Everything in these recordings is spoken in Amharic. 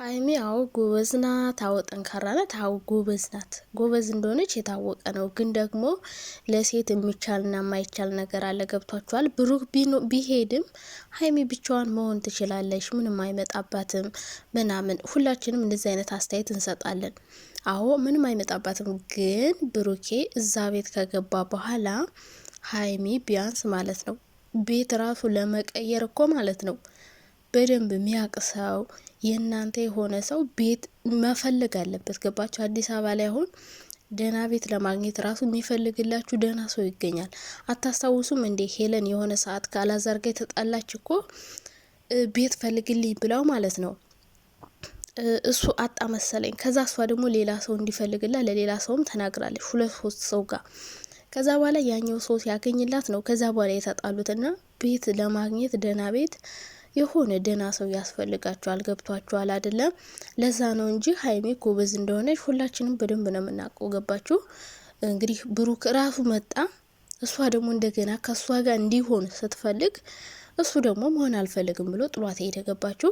ሀይሚ አዎ ጎበዝ ናት፣ አዎ ጠንካራ ናት፣ አዎ ጎበዝ ናት። ጎበዝ እንደሆነች የታወቀ ነው። ግን ደግሞ ለሴት የሚቻልና የማይቻል ነገር አለ። ገብቷችኋል? ብሩክ ቢሄድም ሀይሚ ብቻዋን መሆን ትችላለች፣ ምንም አይመጣባትም ምናምን። ሁላችንም እንደዚህ አይነት አስተያየት እንሰጣለን። አዎ ምንም አይመጣባትም። ግን ብሩኬ እዛ ቤት ከገባ በኋላ ሀይሚ ቢያንስ ማለት ነው ቤት ራሱ ለመቀየር እኮ ማለት ነው በደንብ የሚያውቅ ሰው የእናንተ የሆነ ሰው ቤት መፈለግ አለበት። ገባችሁ? አዲስ አበባ ላይ አሁን ደህና ቤት ለማግኘት ራሱ የሚፈልግላችሁ ደህና ሰው ይገኛል። አታስታውሱም እንዴ? ሄለን የሆነ ሰዓት ከአላዛር ጋር የተጣላች እኮ ቤት ፈልግልኝ ብላው ማለት ነው። እሱ አጣ መሰለኝ። ከዛ እሷ ደግሞ ሌላ ሰው እንዲፈልግላ ለሌላ ሰውም ተናግራለች፣ ሁለት ሶስት ሰው ጋር። ከዛ በኋላ ያኛው ሰው ሲያገኝላት ነው ከዛ በኋላ የተጣሉትና ቤት ለማግኘት ደህና ቤት የሆነ ደህና ሰው ያስፈልጋቸዋል። ገብቷቸዋል አይደለም? ለዛ ነው እንጂ ሀይሜ ጎበዝ እንደሆነች ሁላችንም በደንብ ነው የምናውቀው። ገባችሁ? እንግዲህ ብሩክ ራሱ መጣ። እሷ ደግሞ እንደገና ከእሷ ጋር እንዲሆን ስትፈልግ እሱ ደግሞ መሆን አልፈልግም ብሎ ጥሏት ሄደ። ገባችሁ?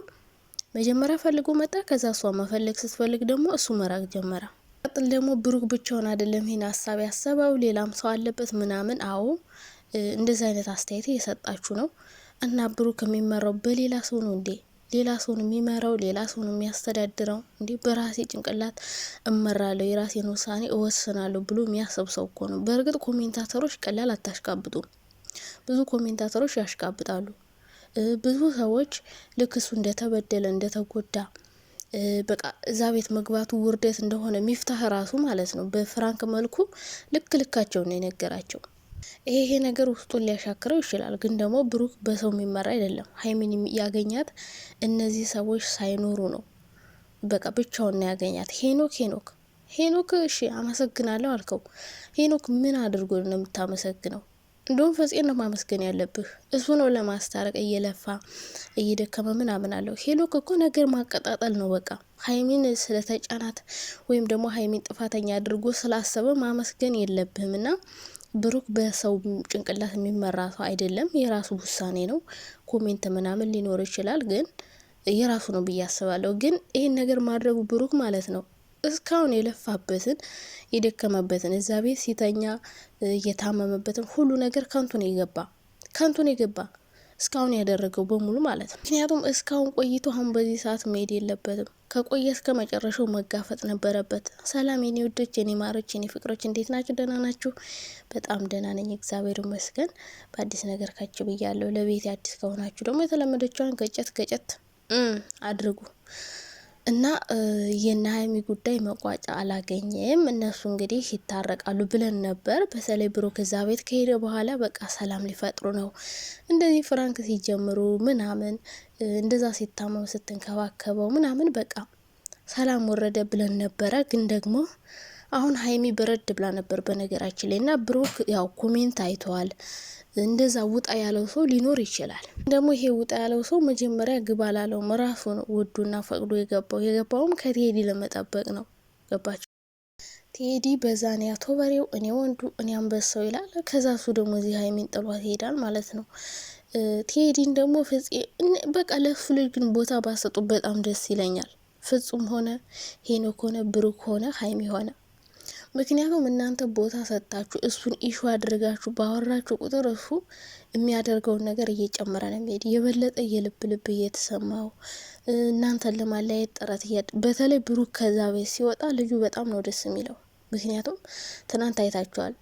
መጀመሪያ ፈልጎ መጣ። ከዛ እሷ መፈለግ ስትፈልግ ደግሞ እሱ መራቅ ጀመረ። ቀጥል ደግሞ ብሩክ ብቻውን አይደለም ይህን ሀሳብ ያሰበው ሌላም ሰው አለበት ምናምን። አዎ እንደዚህ አይነት አስተያየት እየሰጣችሁ ነው። እና ብሩክ የሚመራው በሌላ ሰው ነው እንዴ? ሌላ ነው የሚመራው ሌላ ነው የሚያስተዳድረው እንዴ? በራሴ ጭንቅላት እመራለሁ የራሴን ውሳኔ እወስናለሁ ብሎ የሚያስብ ሰው እኮ ነው። በእርግጥ ኮሜንታተሮች ቀላል አታሽቃብጡም። ብዙ ኮሜንታተሮች ያሽቃብጣሉ። ብዙ ሰዎች ልክ እሱ እንደተበደለ እንደተጎዳ በቃ እዛ ቤት መግባቱ ውርደት እንደሆነ ሚፍታህ ራሱ ማለት ነው በፍራንክ መልኩ ልክ ልካቸው ነው የነገራቸው። ይሄ ነገር ውስጡን ሊያሻክረው ይችላል። ግን ደግሞ ብሩክ በሰው የሚመራ አይደለም። ሀይሚን ያገኛት እነዚህ ሰዎች ሳይኖሩ ነው። በቃ ብቻውን ነው ያገኛት። ሄኖክ ሄኖክ ሄኖክ እሺ አመሰግናለሁ አልከው። ሄኖክ ምን አድርጎ ነው የምታመሰግነው? እንደውም ፈጽሜ ነው ማመስገን ያለብህ። እሱ ነው ለማስታረቅ እየለፋ እየደከመ ምናምን አለው። ሄኖክ እኮ ነገር ማቀጣጠል ነው በቃ ሀይሚን ስለተጫናት ወይም ደግሞ ሀይሚን ጥፋተኛ አድርጎ ስላሰበ ማመስገን የለብህም እና ብሩክ በሰው ጭንቅላት የሚመራ ሰው አይደለም። የራሱ ውሳኔ ነው። ኮሜንት ምናምን ሊኖር ይችላል፣ ግን የራሱ ነው ብዬ አስባለሁ። ግን ይህን ነገር ማድረጉ ብሩክ ማለት ነው እስካሁን የለፋበትን የደከመበትን እዛ ቤት ሲተኛ የታመመበትን ሁሉ ነገር ከንቱን የገባ ከንቱን የገባ እስካሁን ያደረገው በሙሉ ማለት ነው። ምክንያቱም እስካሁን ቆይቶ አሁን በዚህ ሰዓት መሄድ የለበትም። ከቆየ እስከ መጨረሻው መጋፈጥ ነበረበት። ሰላም የኔ ውዶች፣ የኔ ማሮች፣ የኔ ፍቅሮች እንዴት ናችሁ? ደህና ናችሁ? በጣም ደህና ነኝ፣ እግዚአብሔር ይመስገን። በአዲስ ነገር ካች ብያለሁ። ለቤት አዲስ ከሆናችሁ ደግሞ የተለመደችዋን ገጨት ገጨት አድርጉ። እና የነ ጉዳይ መቋጫ አላገኘም። እነሱ እንግዲህ ይታረቃሉ ብለን ነበር። በተለይ ብሩክ እዛ ቤት ከሄደ በኋላ በቃ ሰላም ሊፈጥሩ ነው። እንደዚህ ፍራንክ ሲጀምሩ ምናምን እንደዛ ሲታመም ስትንከባከበው ምናምን በቃ ሰላም ወረደ ብለን ነበረ። ግን ደግሞ አሁን ሀይሚ በረድ ብላ ነበር በነገራችን ላይ እና ብሩክ ያው ኮሜንት አይተዋል እንደዛ ውጣ ያለው ሰው ሊኖር ይችላል። ደግሞ ይሄ ውጣ ያለው ሰው መጀመሪያ ግባ ላለውም ራሱ ነው ፈቅዶ የገባው። የገባውም ከቴዲ ለመጠበቅ ነው። ገባቸው ቴዲ በዛን ያቶ በሬው እኔ ወንዱ እኔ አንበሳው ይላል። ከዛ እሱ ደግሞ እዚህ ሀይሚን ጥሏት ይሄዳል ማለት ነው። ቴዲን ደግሞ ፍፄ በቃ ለሱ ልጅ ግን ቦታ ባሰጡ በጣም ደስ ይለኛል። ፍጹም ሆነ ሄኖክ ሆነ ብሩክ ሆነ ሀይሚ ሆነ ምክንያቱም እናንተ ቦታ ሰጣችሁ እሱን ኢሹ አድርጋችሁ ባወራችሁ ቁጥር እሱ የሚያደርገውን ነገር እየጨመረ ነው የሚሄድ። የበለጠ የልብ ልብ እየተሰማው እናንተን ለማለያየት ጥረት እያ በተለይ ብሩክ ከዛ ቤት ሲወጣ ልጁ በጣም ነው ደስ የሚለው። ምክንያቱም ትናንት አይታችኋል።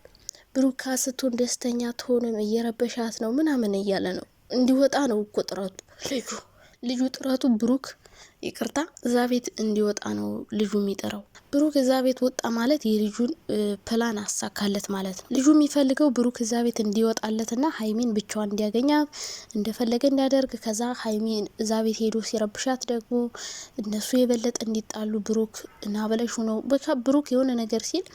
ብሩክ ካስቶን ደስተኛ ትሆንም እየረበሻት ነው ምናምን እያለ ነው እንዲወጣ ነው እኮ ጥረቱ ልጁ ልጁ ጥረቱ ብሩክ ይቅርታ እዛ ቤት እንዲወጣ ነው ልጁ የሚጠራው። ብሩክ እዛ ቤት ወጣ ማለት የልጁን ፕላን አሳካለት ማለት ነው። ልጁ የሚፈልገው ብሩክ እዛ ቤት እንዲወጣለትና ሀይሜን ብቻዋን እንዲያገኛት እንደፈለገ እንዲያደርግ፣ ከዛ ሀይሜን እዛ ቤት ሄዶ ሲረብሻት ደግሞ እነሱ የበለጠ እንዲጣሉ ብሩክ እና በለሹ ነው በቃ ብሩክ የሆነ ነገር ሲል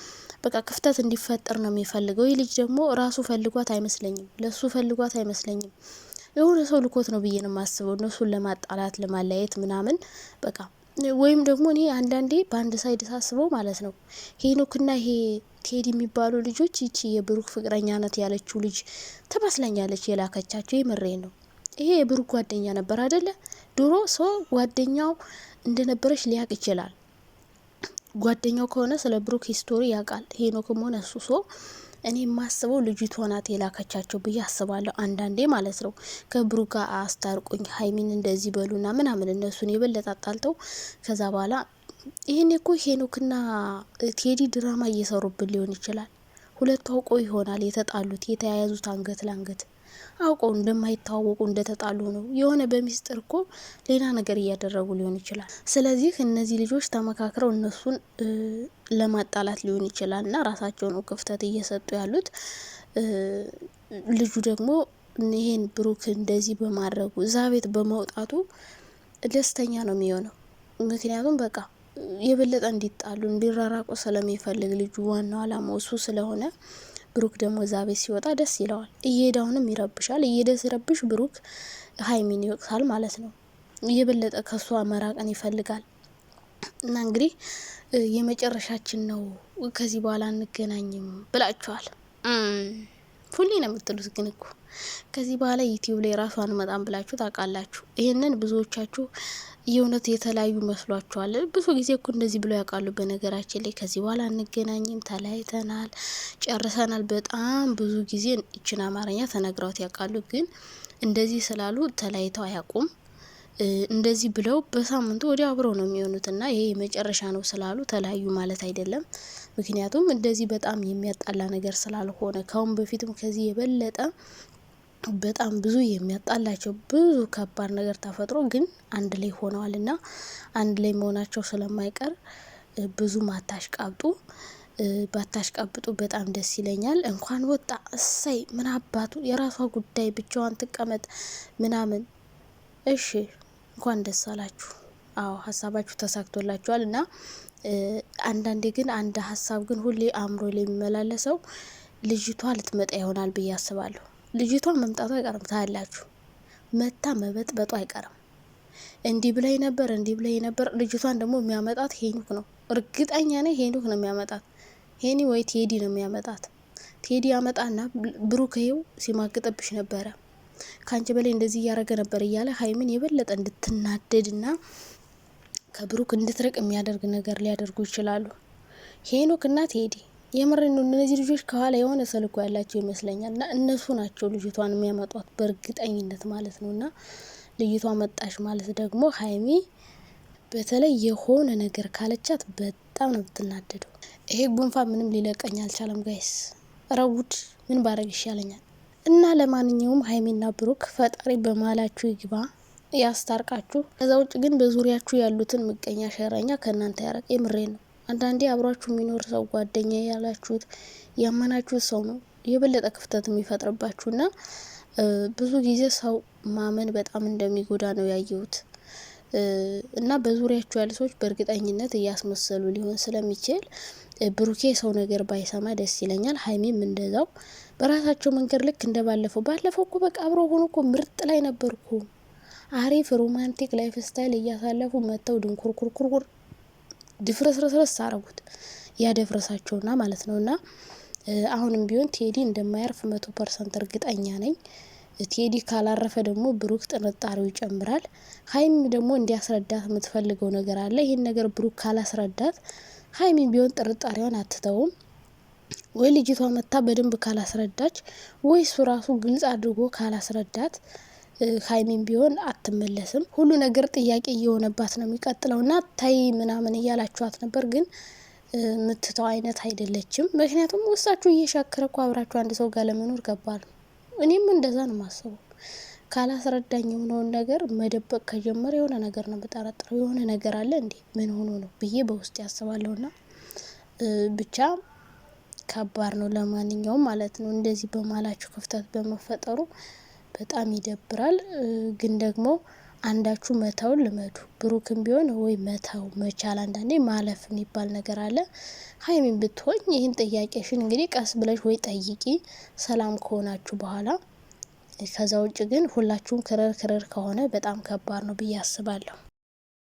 በቃ ክፍተት እንዲፈጠር ነው የሚፈልገው። ይህ ልጅ ደግሞ ራሱ ፈልጓት አይመስለኝም፣ ለሱ ፈልጓት አይመስለኝም። የሆነ ሰው ልኮት ነው ብዬ ነው የማስበው። እነሱን ለማጣላት ለማለያየት ምናምን በቃ ወይም ደግሞ እኔ አንዳንዴ በአንድ ሳይድ ሳስበው ማለት ነው ሄኖክና ይሄ ቴዲ የሚባሉ ልጆች ይቺ የብሩክ ፍቅረኛ ናት ያለችው ልጅ ትመስለኛለች የላከቻቸው። የምሬ ነው። ይሄ የብሩክ ጓደኛ ነበር አደለ ድሮ ሰው ጓደኛው እንደነበረች ሊያቅ ይችላል። ጓደኛው ከሆነ ስለ ብሩክ ሂስቶሪ ያውቃል። ሄኖክም ሆነ እሱ ሰው እኔ የማስበው ልጅቷ ናት የላከቻቸው ብዬ አስባለሁ። አንዳንዴ ማለት ነው ከብሩ ጋር አስታርቁኝ፣ ሀይሚን እንደዚህ በሉና ምናምን እነሱን የበለጠ አጣልተው ከዛ በኋላ ይህን እኮ ሄኖክና ቴዲ ድራማ እየሰሩብን ሊሆን ይችላል። ሁለቱ አውቆ ይሆናል የተጣሉት የተያያዙት አንገት ለአንገት አውቀው እንደማይታወቁ እንደተጣሉ ነው። የሆነ በሚስጥር እኮ ሌላ ነገር እያደረጉ ሊሆን ይችላል። ስለዚህ እነዚህ ልጆች ተመካክረው እነሱን ለማጣላት ሊሆን ይችላል እና ራሳቸው ነው ክፍተት እየሰጡ ያሉት። ልጁ ደግሞ ይሄን ብሩክ እንደዚህ በማድረጉ እዛ ቤት በመውጣቱ ደስተኛ ነው የሚሆነው። ምክንያቱም በቃ የበለጠ እንዲጣሉ እንዲራራቁ ስለሚፈልግ ልጁ ዋናው አላማው እሱ ስለሆነ ብሩክ ደግሞ እዛ ቤት ሲወጣ ደስ ይለዋል። እየሄደ አሁንም ይረብሻል። እየሄደ ሲረብሽ ብሩክ ሀይሚን ይወቅሳል ማለት ነው። የበለጠ ከእሷ መራቅን ይፈልጋል። እና እንግዲህ የመጨረሻችን ነው ከዚህ በኋላ አንገናኝም ብላችኋል። ሁሌ ነው የምትሉት። ግን እኮ ከዚህ በኋላ ዩቲዩብ ላይ ራሱ አንመጣም ብላችሁ ታውቃላችሁ። ይህንን ብዙዎቻችሁ የእውነት የተለያዩ መስሏችኋል። ብዙ ጊዜ እኮ እንደዚህ ብለው ያውቃሉ። በነገራችን ላይ ከዚህ በኋላ አንገናኝም፣ ተለያይተናል፣ ጨርሰናል። በጣም ብዙ ጊዜ ይችን አማርኛ ተነግረውት ያውቃሉ። ግን እንደዚህ ስላሉ ተለያይተው አያውቁም። እንደዚህ ብለው በሳምንቱ ወዲያ አብረው ነው የሚሆኑት እና ይሄ የመጨረሻ ነው ስላሉ ተለያዩ ማለት አይደለም። ምክንያቱም እንደዚህ በጣም የሚያጣላ ነገር ስላልሆነ ከሁን በፊትም ከዚህ የበለጠ በጣም ብዙ የሚያጣላቸው ብዙ ከባድ ነገር ተፈጥሮ ግን አንድ ላይ ሆነዋል እና አንድ ላይ መሆናቸው ስለማይቀር ብዙ ባታሽ ቀብጡ በጣም ደስ ይለኛል። እንኳን ወጣ እሰይ፣ ምን አባቱ የራሷ ጉዳይ ብቻዋን ትቀመጥ ምናምን እሺ። እንኳን ደስ አላችሁ። አዎ ሀሳባችሁ ተሳክቶላችኋል። እና አንዳንዴ ግን አንድ ሀሳብ ግን ሁሌ አእምሮ ላይ የሚመላለሰው ልጅቷ ልትመጣ ይሆናል ብዬ አስባለሁ። ልጅቷ መምጣቱ አይቀርም ታያላችሁ። መታ መበጥበጡ አይቀርም። እንዲህ ብላይ ነበር፣ እንዲህ ብላይ ነበር። ልጅቷን ደግሞ የሚያመጣት ሄኑክ ነው። እርግጠኛ ነኝ ሄኖክ ነው የሚያመጣት። ሄኒ ወይ ቴዲ ነው የሚያመጣት። ቴዲ ያመጣና ብሩክ ይኸው ሲማግጠብሽ ነበረ ከአንቺ በላይ እንደዚህ እያደረገ ነበር እያለ ሀይሚን የበለጠ እንድትናደድ እና ከብሩክ እንድትርቅ የሚያደርግ ነገር ሊያደርጉ ይችላሉ። ሄኖክ እና ቴዲ የምር ነው። እነዚህ ልጆች ከኋላ የሆነ ሰልኮ ያላቸው ይመስለኛል እና እነሱ ናቸው ልጅቷን የሚያመጧት በእርግጠኝነት ማለት ነው። እና ልጅቷ መጣሽ ማለት ደግሞ ሀይሚ በተለይ የሆነ ነገር ካለቻት በጣም ነው የምትናደደው። ይሄ ጉንፋን ምንም ሊለቀኝ አልቻለም ጋይስ ረቡድ ምን ባረግ ይሻለኛል? እና ለማንኛውም ሀይሚና ብሩክ ፈጣሪ በመሀላችሁ ይግባ ያስታርቃችሁ። ከዛ ውጭ ግን በዙሪያችሁ ያሉትን ምቀኛ ሸረኛ ከእናንተ ያረቅ። የምሬ ነው። አንዳንዴ አብሯችሁ የሚኖር ሰው ጓደኛ ያላችሁት ያመናችሁት ሰው ነው የበለጠ ክፍተት የሚፈጥርባችሁና ብዙ ጊዜ ሰው ማመን በጣም እንደሚጎዳ ነው ያየሁት። እና በዙሪያቸው ያሉ ሰዎች በእርግጠኝነት እያስመሰሉ ሊሆን ስለሚችል ብሩኬ ሰው ነገር ባይሰማ ደስ ይለኛል። ሀይሜም እንደዛው በራሳቸው መንገድ ልክ እንደ ባለፈው ባለፈው እኮ በቃ አብሮ ሆኖ እኮ ምርጥ ላይ ነበርኩ። አሪፍ ሮማንቲክ ላይፍ ስታይል እያሳለፉ መጥተው ድንኩርኩርኩርኩር ድፍረስረስረስ አረጉት ያደፍረሳቸውና ማለት ነው። እና አሁንም ቢሆን ቴዲ እንደማያርፍ መቶ ፐርሰንት እርግጠኛ ነኝ። ቴዲ ካላረፈ ደግሞ ብሩክ ጥርጣሬው ይጨምራል። ሀይሚ ደግሞ እንዲያስረዳት የምትፈልገው ነገር አለ። ይህን ነገር ብሩክ ካላስረዳት ሀይሚ ቢሆን ጥርጣሬዋን አትተውም። ወይ ልጅቷ መታ በደንብ ካላስረዳች፣ ወይ እሱ ራሱ ግልጽ አድርጎ ካላስረዳት ሀይሚን ቢሆን አትመለስም። ሁሉ ነገር ጥያቄ እየሆነባት ነው የሚቀጥለው እና ታይ ምናምን እያላችኋት ነበር ግን ምትተው አይነት አይደለችም። ምክንያቱም ውስጣችሁ እየሻከረ እኮ አብራችሁ አንድ ሰው ጋር ለመኖር ገባል እኔም እንደዛ ነው የማስበው። ካላስረዳኝ የሆነውን ነገር መደበቅ ከጀመረ የሆነ ነገር ነው በጠረጥረው የሆነ ነገር አለ እንዴ ምን ሆኖ ነው ብዬ በውስጥ ያስባለሁና ብቻ ከባድ ነው። ለማንኛውም ማለት ነው እንደዚህ በማላችሁ ክፍተት በመፈጠሩ በጣም ይደብራል ግን ደግሞ አንዳችሁ መተውን ልመዱ። ብሩክም ቢሆን ወይ መተው መቻል፣ አንዳንዴ ማለፍ የሚባል ነገር አለ። ሀይሚን ብትሆኝ ይህን ጥያቄሽን እንግዲህ ቀስ ብለሽ ወይ ጠይቂ ሰላም ከሆናችሁ በኋላ። ከዛ ውጭ ግን ሁላችሁም ክረር ክረር ከሆነ በጣም ከባድ ነው ብዬ አስባለሁ።